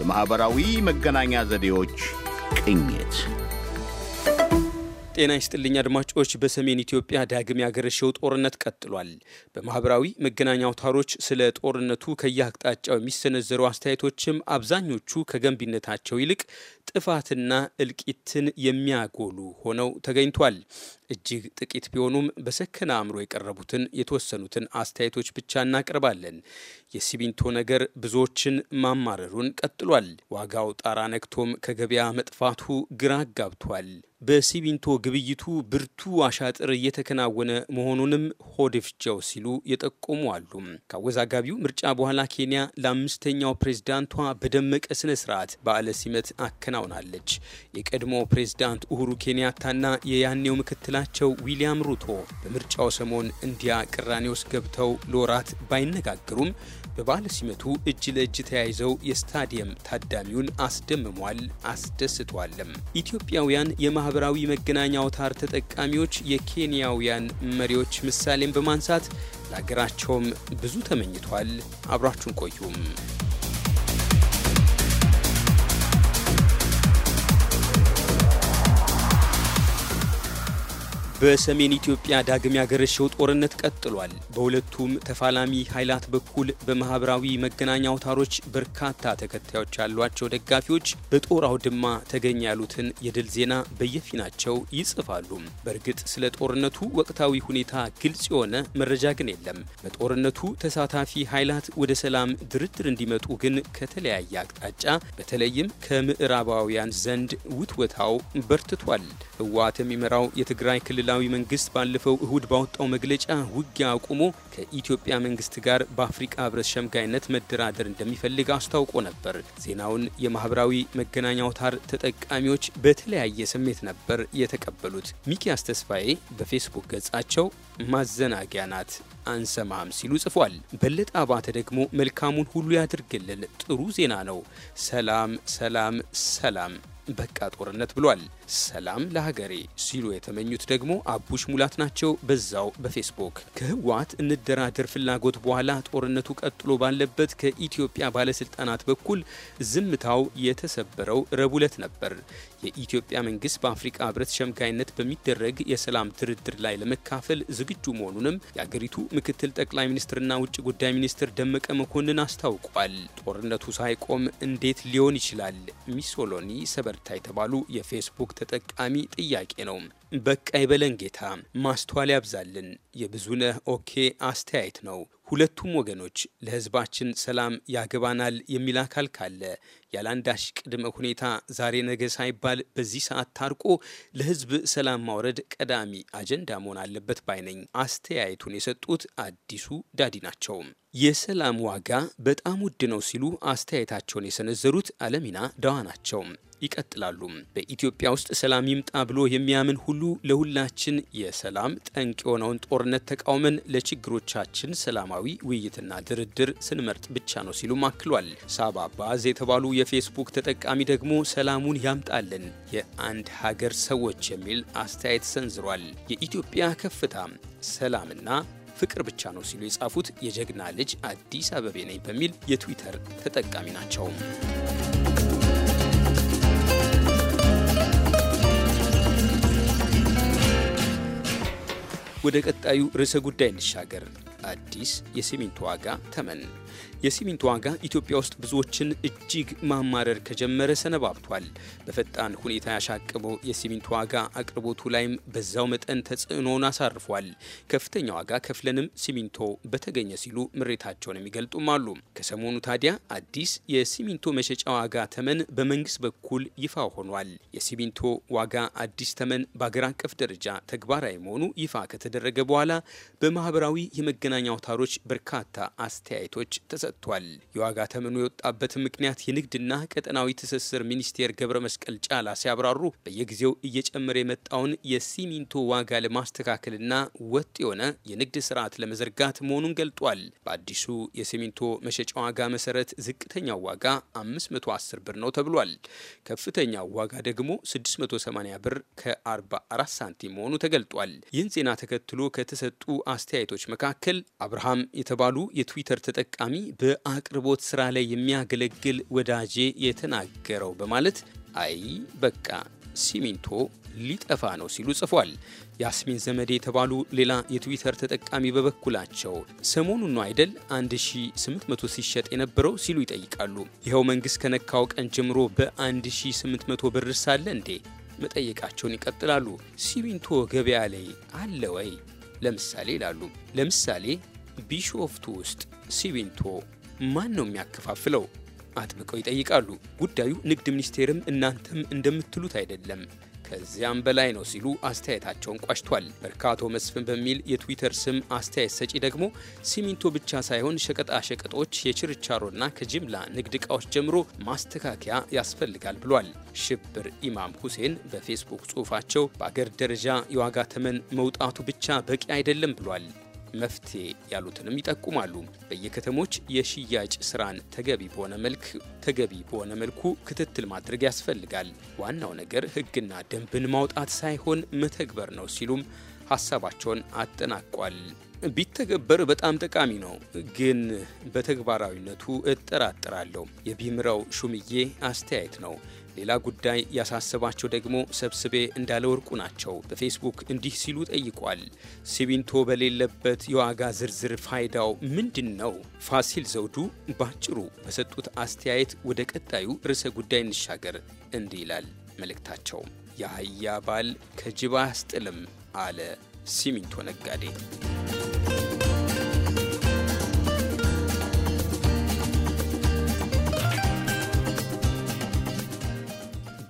የማኅበራዊ መገናኛ ዘዴዎች ቅኝት። ጤና ይስጥልኝ አድማጮች። በሰሜን ኢትዮጵያ ዳግም ያገረሸው ጦርነት ቀጥሏል። በማኅበራዊ መገናኛ አውታሮች ስለ ጦርነቱ ከየአቅጣጫው የሚሰነዘሩ አስተያየቶችም አብዛኞቹ ከገንቢነታቸው ይልቅ ጥፋትና እልቂትን የሚያጎሉ ሆነው ተገኝቷል። እጅግ ጥቂት ቢሆኑም በሰከነ አእምሮ የቀረቡትን የተወሰኑትን አስተያየቶች ብቻ እናቀርባለን። የሲሚንቶ ነገር ብዙዎችን ማማረሩን ቀጥሏል። ዋጋው ጣራ ነክቶም ከገበያ መጥፋቱ ግራ ጋብቷል። በሲሚንቶ ግብይቱ ብርቱ አሻጥር እየተከናወነ መሆኑንም ሆድፍጀው ሲሉ የጠቆሙ አሉ። ከአወዛጋቢው ምርጫ በኋላ ኬንያ ለአምስተኛው ፕሬዝዳንቷ በደመቀ ስነ ስርዓት በዓለ ሲመት አከናውናለች። የቀድሞ ፕሬዝዳንት ኡሁሩ ኬንያታና የያኔው ምክትል የምንላቸው ዊሊያም ሩቶ በምርጫው ሰሞን እንዲያ ቅራኔ ውስጥ ገብተው ሎራት ባይነጋገሩም በባለ ሲመቱ እጅ ለእጅ ተያይዘው የስታዲየም ታዳሚውን አስደምሟል፣ አስደስቷልም። ኢትዮጵያውያን የማህበራዊ መገናኛ አውታር ተጠቃሚዎች የኬንያውያን መሪዎች ምሳሌን በማንሳት ለሀገራቸውም ብዙ ተመኝቷል። አብራችሁን ቆዩም። በሰሜን ኢትዮጵያ ዳግም ያገረሸው ጦርነት ቀጥሏል። በሁለቱም ተፋላሚ ኃይላት በኩል በማህበራዊ መገናኛ አውታሮች በርካታ ተከታዮች ያሏቸው ደጋፊዎች በጦር አውድማ ተገኘ ያሉትን የድል ዜና በየፊናቸው ይጽፋሉ። በእርግጥ ስለ ጦርነቱ ወቅታዊ ሁኔታ ግልጽ የሆነ መረጃ ግን የለም። በጦርነቱ ተሳታፊ ኃይላት ወደ ሰላም ድርድር እንዲመጡ ግን ከተለያየ አቅጣጫ በተለይም ከምዕራባውያን ዘንድ ውትወታው በርትቷል። ህወሓት የሚመራው የትግራይ ክልል ክልላዊ መንግስት ባለፈው እሁድ ባወጣው መግለጫ ውጊያ አቁሞ ከኢትዮጵያ መንግስት ጋር በአፍሪቃ ህብረት ሸምጋይነት መደራደር እንደሚፈልግ አስታውቆ ነበር። ዜናውን የማህበራዊ መገናኛ አውታር ተጠቃሚዎች በተለያየ ስሜት ነበር የተቀበሉት። ሚኪያስ ተስፋዬ በፌስቡክ ገጻቸው ማዘናጊያ ናት አንሰማም ሲሉ ጽፏል። በለጠ አባተ ደግሞ መልካሙን ሁሉ ያድርግልን፣ ጥሩ ዜና ነው። ሰላም ሰላም ሰላም በቃ ጦርነት ብሏል። ሰላም ለሀገሬ ሲሉ የተመኙት ደግሞ አቡሽ ሙላት ናቸው። በዛው በፌስቡክ ከህወሓት እንደራደር ፍላጎት በኋላ ጦርነቱ ቀጥሎ ባለበት ከኢትዮጵያ ባለስልጣናት በኩል ዝምታው የተሰበረው ረቡዕ ዕለት ነበር። የኢትዮጵያ መንግስት በአፍሪካ ህብረት ሸምጋይነት በሚደረግ የሰላም ድርድር ላይ ለመካፈል ዝግጁ መሆኑንም የአገሪቱ ምክትል ጠቅላይ ሚኒስትርና ውጭ ጉዳይ ሚኒስትር ደመቀ መኮንን አስታውቋል። ጦርነቱ ሳይቆም እንዴት ሊሆን ይችላል? ሚሶሎኒ ሰበርታ የተባሉ የፌስቡክ ተጠቃሚ ጥያቄ ነው። በቃ ይበለን ጌታ፣ ማስተዋል ያብዛልን። የብዙነህ ኦኬ አስተያየት ነው። ሁለቱም ወገኖች ለህዝባችን ሰላም ያገባናል የሚል አካል ካለ ያለአንዳች ቅድመ ሁኔታ ዛሬ ነገ ሳይባል በዚህ ሰዓት ታርቆ ለህዝብ ሰላም ማውረድ ቀዳሚ አጀንዳ መሆን አለበት ባይነኝ አስተያየቱን የሰጡት አዲሱ ዳዲ ናቸው። የሰላም ዋጋ በጣም ውድ ነው ሲሉ አስተያየታቸውን የሰነዘሩት አለሚና ዳዋ ናቸው። ይቀጥላሉ። በኢትዮጵያ ውስጥ ሰላም ይምጣ ብሎ የሚያምን ሁሉ ለሁላችን የሰላም ጠንቅ የሆነውን ጦርነት ተቃውመን ለችግሮቻችን ሰላማዊ ውይይትና ድርድር ስንመርጥ ብቻ ነው ሲሉም አክሏል። ሳባባዝ የተባሉ የፌስቡክ ተጠቃሚ ደግሞ ሰላሙን ያምጣልን የአንድ ሀገር ሰዎች የሚል አስተያየት ሰንዝሯል። የኢትዮጵያ ከፍታ ሰላምና ፍቅር ብቻ ነው ሲሉ የጻፉት የጀግና ልጅ አዲስ አበቤ ነኝ በሚል የትዊተር ተጠቃሚ ናቸው። ወደ ቀጣዩ ርዕሰ ጉዳይ እንሻገር። አዲስ የሲሚንቶ ዋጋ ተመን። የሲሚንቶ ዋጋ ኢትዮጵያ ውስጥ ብዙዎችን እጅግ ማማረር ከጀመረ ሰነባብቷል። በፈጣን ሁኔታ ያሻቀበው የሲሚንቶ ዋጋ አቅርቦቱ ላይም በዛው መጠን ተጽዕኖውን አሳርፏል። ከፍተኛ ዋጋ ከፍለንም ሲሚንቶ በተገኘ ሲሉ ምሬታቸውን የሚገልጡም አሉ። ከሰሞኑ ታዲያ አዲስ የሲሚንቶ መሸጫ ዋጋ ተመን በመንግስት በኩል ይፋ ሆኗል። የሲሚንቶ ዋጋ አዲስ ተመን በአገር አቀፍ ደረጃ ተግባራዊ መሆኑ ይፋ ከተደረገ በኋላ በማህበራዊ የመገናኛ መገናኛ አውታሮች በርካታ አስተያየቶች ተሰጥቷል። የዋጋ ተመኑ የወጣበት ምክንያት የንግድና ቀጠናዊ ትስስር ሚኒስቴር ገብረ መስቀል ጫላ ሲያብራሩ በየጊዜው እየጨመረ የመጣውን የሲሚንቶ ዋጋ ለማስተካከልና ወጥ የሆነ የንግድ ስርዓት ለመዘርጋት መሆኑን ገልጧል። በአዲሱ የሲሚንቶ መሸጫ ዋጋ መሰረት ዝቅተኛው ዋጋ 510 ብር ነው ተብሏል። ከፍተኛው ዋጋ ደግሞ 680 ብር ከ44 ሳንቲም መሆኑ ተገልጧል። ይህን ዜና ተከትሎ ከተሰጡ አስተያየቶች መካከል ክፍል አብርሃም የተባሉ የትዊተር ተጠቃሚ በአቅርቦት ስራ ላይ የሚያገለግል ወዳጄ የተናገረው በማለት አይ በቃ ሲሚንቶ ሊጠፋ ነው ሲሉ ጽፏል። ያስሚን ዘመዴ የተባሉ ሌላ የትዊተር ተጠቃሚ በበኩላቸው ሰሞኑን ነው አይደል 1800 ሲሸጥ የነበረው ሲሉ ይጠይቃሉ። ይኸው መንግሥት ከነካው ቀን ጀምሮ በ1800 ብር ሳለ እንዴ መጠየቃቸውን ይቀጥላሉ። ሲሚንቶ ገበያ ላይ አለ ወይ? ለምሳሌ ይላሉ። ለምሳሌ ቢሾፍቱ ውስጥ ሲሚንቶ ማን ነው የሚያከፋፍለው? አጥብቀው ይጠይቃሉ። ጉዳዩ ንግድ ሚኒስቴርም እናንተም እንደምትሉት አይደለም ከዚያም በላይ ነው ሲሉ አስተያየታቸውን ቋጭቷል። መርካቶ መስፍን በሚል የትዊተር ስም አስተያየት ሰጪ ደግሞ ሲሚንቶ ብቻ ሳይሆን ሸቀጣሸቀጦች፣ የችርቻሮና ከጅምላ ንግድ ዕቃዎች ጀምሮ ማስተካከያ ያስፈልጋል ብሏል። ሽብር ኢማም ሁሴን በፌስቡክ ጽሑፋቸው በአገር ደረጃ የዋጋ ተመን መውጣቱ ብቻ በቂ አይደለም ብሏል። መፍትሄ ያሉትንም ይጠቁማሉ። በየከተሞች የሽያጭ ስራን ተገቢ በሆነ መልክ ተገቢ በሆነ መልኩ ክትትል ማድረግ ያስፈልጋል። ዋናው ነገር ህግና ደንብን ማውጣት ሳይሆን መተግበር ነው ሲሉም ሀሳባቸውን አጠናቋል። ቢተገበር በጣም ጠቃሚ ነው፣ ግን በተግባራዊነቱ እጠራጠራለሁ። የቢምራው ሹምዬ አስተያየት ነው። ሌላ ጉዳይ ያሳሰባቸው ደግሞ ሰብስቤ እንዳለ ወርቁ ናቸው። በፌስቡክ እንዲህ ሲሉ ጠይቋል። ሲሚንቶ በሌለበት የዋጋ ዝርዝር ፋይዳው ምንድን ነው? ፋሲል ዘውዱ ባጭሩ በሰጡት አስተያየት ወደ ቀጣዩ ርዕሰ ጉዳይ እንሻገር። እንዲህ ይላል መልእክታቸው። የአህያ ባል ከጅባ አያስጥልም አለ ሲሚንቶ ነጋዴ።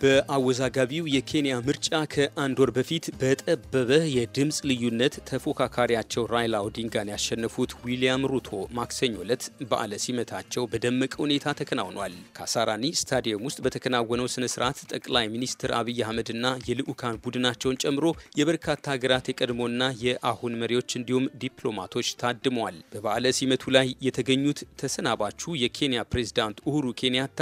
በአወዛጋቢው የኬንያ ምርጫ ከአንድ ወር በፊት በጠበበ የድምፅ ልዩነት ተፎካካሪያቸው ራይላ ኦዲንጋን ያሸነፉት ዊሊያም ሩቶ ማክሰኞ ዕለት በዓለ ሲመታቸው በደመቀ ሁኔታ ተከናውኗል። ካሳራኒ ስታዲየም ውስጥ በተከናወነው ስነ ስርዓት ጠቅላይ ሚኒስትር አብይ አህመድና የልዑካን ቡድናቸውን ጨምሮ የበርካታ ሀገራት የቀድሞና የአሁን መሪዎች እንዲሁም ዲፕሎማቶች ታድመዋል። በበዓለ ሲመቱ ላይ የተገኙት ተሰናባቹ የኬንያ ፕሬዝዳንት ኡሁሩ ኬንያታ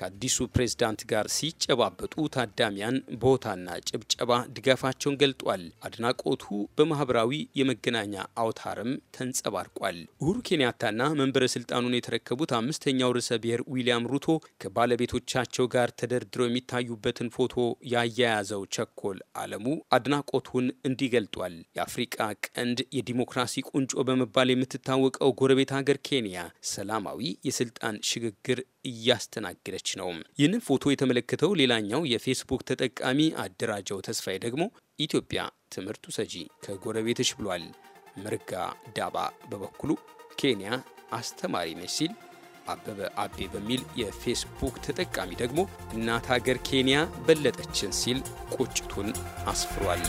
ከአዲሱ ፕሬዝዳንት ጋር ሲጨባበጡ ታዳሚያን ቦታና ጭብጨባ ድጋፋቸውን ገልጧል። አድናቆቱ በማህበራዊ የመገናኛ አውታርም ተንጸባርቋል። ኡሁሩ ኬንያታና መንበረ ስልጣኑን የተረከቡት አምስተኛው ርዕሰ ብሔር ዊሊያም ሩቶ ከባለቤቶቻቸው ጋር ተደርድረው የሚታዩበትን ፎቶ ያያያዘው ቸኮል አለሙ አድናቆቱን እንዲህ ገልጧል። የአፍሪቃ ቀንድ የዲሞክራሲ ቁንጮ በመባል የምትታወቀው ጎረቤት ሀገር ኬንያ ሰላማዊ የስልጣን ሽግግር እያስተናገደች ነው። ይህንን ፎቶ የተመለከተው ሌላኛው የፌስቡክ ተጠቃሚ አደራጀው ተስፋዬ ደግሞ ኢትዮጵያ ትምህርቱ ሰጂ ከጎረቤትሽ ብሏል። መርጋ ዳባ በበኩሉ ኬንያ አስተማሪ ነች ሲል አበበ አቤ በሚል የፌስቡክ ተጠቃሚ ደግሞ እናት ሀገር ኬንያ በለጠችን ሲል ቁጭቱን አስፍሯል።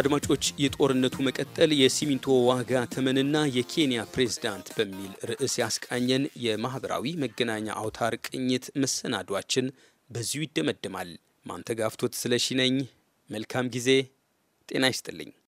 አድማጮች፣ የጦርነቱ መቀጠል፣ የሲሚንቶ ዋጋ ተመንና የኬንያ ፕሬዝዳንት በሚል ርዕስ ያስቃኘን የማኅበራዊ መገናኛ አውታር ቅኝት መሰናዷችን በዚሁ ይደመድማል። ማንተጋፍቶት ስለሺ ነኝ። መልካም ጊዜ። ጤና ይስጥልኝ።